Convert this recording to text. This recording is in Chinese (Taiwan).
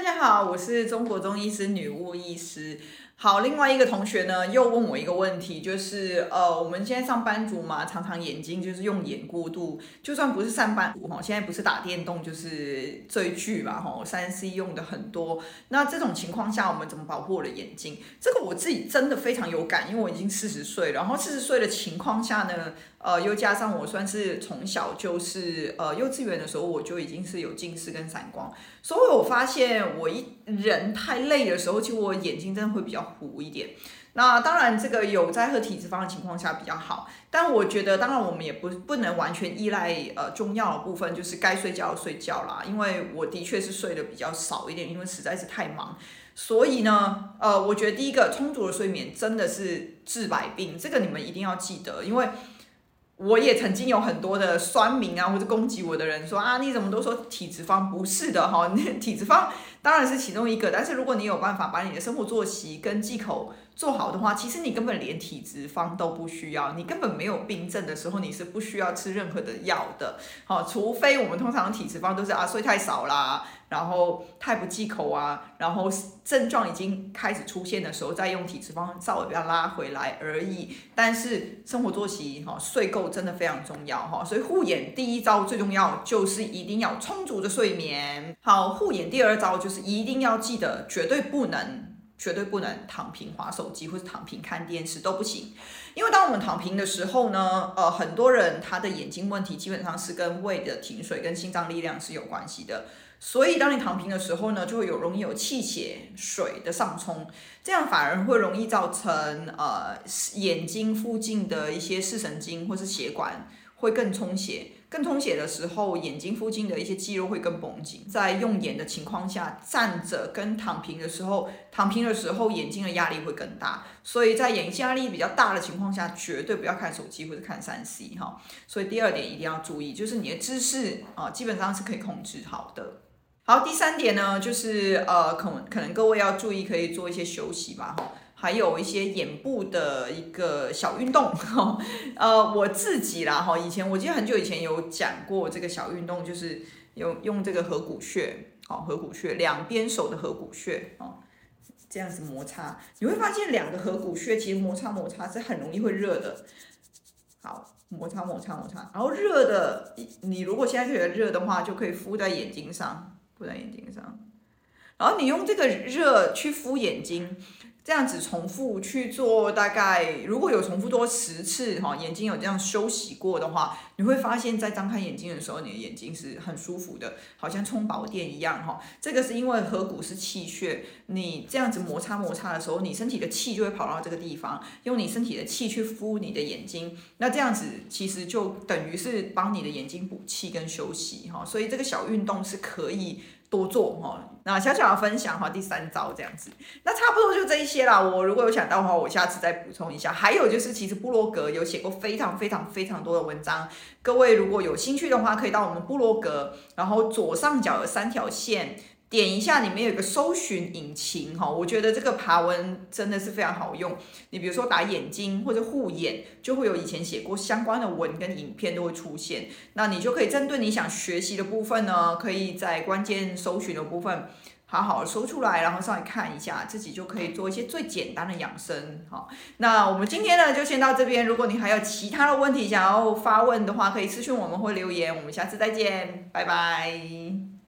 大家好，我是中國中醫師女巫醫師。好，另外一個同學呢又問我一個問題，就是呃，我們現在上班族嘛，常常眼睛就是用眼過度，就算不是上班族哈，現在不是打電動就是追劇嘛哈，3C 用的很多。那這種情況下，我們怎麼保護我的眼睛？這個我自己真的非常有感，因為我已經四十歲了，然後四十歲的情況下呢，呃，又加上我算是從小就是呃，幼稚園的時候我就已經是有近視跟散光，所以我發現我一人太累的時候，其實我眼睛真的會比較。補一點，那當然這個有在和體脂肪的情況下比較好，但我覺得當然我們也不不能完全依賴呃中藥的部分，就是該睡覺睡覺啦，因為我的確是睡得比較少一點，因為實在是太忙，所以呢呃我覺得第一個充足的睡眠真的是治百病，這個你們一定要記得，因為。我也曾經有很多的酸民啊，或者攻擊我的人說啊，你怎麼都說體脂肪不是的哈，體脂肪當然是其中一個，但是如果你有辦法把你的生活作息跟忌口。做好的話，其實你根本連體脂肪都不需要，你根本沒有病症的時候，你是不需要吃任何的藥的。好、哦，除非我們通常體脂肪都是啊睡太少啦，然後太不忌口啊，然後症狀已經開始出現的時候，再用體脂肪稍微把它拉回來而已。但是生活作息哈、哦，睡夠真的非常重要哈、哦。所以護眼第一招最重要就是一定要充足的睡眠。好，護眼第二招就是一定要記得絕對不能。絕對不能躺平滑手機或是躺平看電視都不行，因為當我們躺平的時候呢，呃，很多人他的眼睛問題基本上是跟胃的停水跟心臟力量是有關係的，所以當你躺平的時候呢，就會有容易有氣血水的上衝，這樣反而會容易造成呃眼睛附近的一些視神經或是血管。會更充血，更充血的時候，眼睛附近的一些肌肉會更繃緊。在用眼的情況下，站着跟躺平的時候，躺平的時候眼睛的壓力會更大。所以在眼睛壓力比較大的情況下，絕對不要看手機或者看三 C 哈、哦。所以第二點一定要注意，就是你的姿勢啊，基本上是可以控制好的。好，第三點呢，就是呃，可能可能各位要注意，可以做一些休息吧哈。哦還有一些眼部的一個小運動， 呃，我自己啦，以前我記得很久以前有講過這個小運動，就是用用這個合谷穴，好，哦，合谷穴兩邊手的合谷穴，哦，這樣子摩擦，你會發現兩個合谷穴其實摩擦摩擦是很容易會熱的，好，摩擦摩擦摩擦，然後熱的，你如果現在覺得熱的話，就可以敷在眼睛上，敷在眼睛上，然後你用這個熱去敷眼睛。這樣子重複去做，大概如果有重複多十次哈，眼睛有這樣休息過的話，你會發現，在張開眼睛的時候，你的眼睛是很舒服的，好像充飽電一樣哈。這個是因為合谷是氣血，你這樣子摩擦摩擦的時候，你身體的氣就會跑到這個地方，用你身體的氣去敷你的眼睛，那這樣子其實就等於是幫你的眼睛補氣跟休息哈。所以這個小運動是可以。多做哈，那小小的分享哈，第三招這樣子，那差不多就這一些啦。我如果有想到的話，我下次再補充一下。還有就是，其實部落格有寫過非常非常非常多的文章，各位如果有興趣的話，可以到我們部落格，然後左上角有三條線。點一下裡面有個搜尋引擎哈，我覺得這個爬文真的是非常好用。你比如說打眼睛或者護眼，就會有以前寫過相關的文跟影片都會出現。那你就可以針對你想學習的部分呢，可以在關鍵搜尋的部分好好搜出來，然後上來看一下，自己就可以做一些最簡單的養生。好，那我們今天呢就先到這邊，如果你還有其他的問題想要發問的話，可以私訊我們或留言，我們下次再見，拜拜。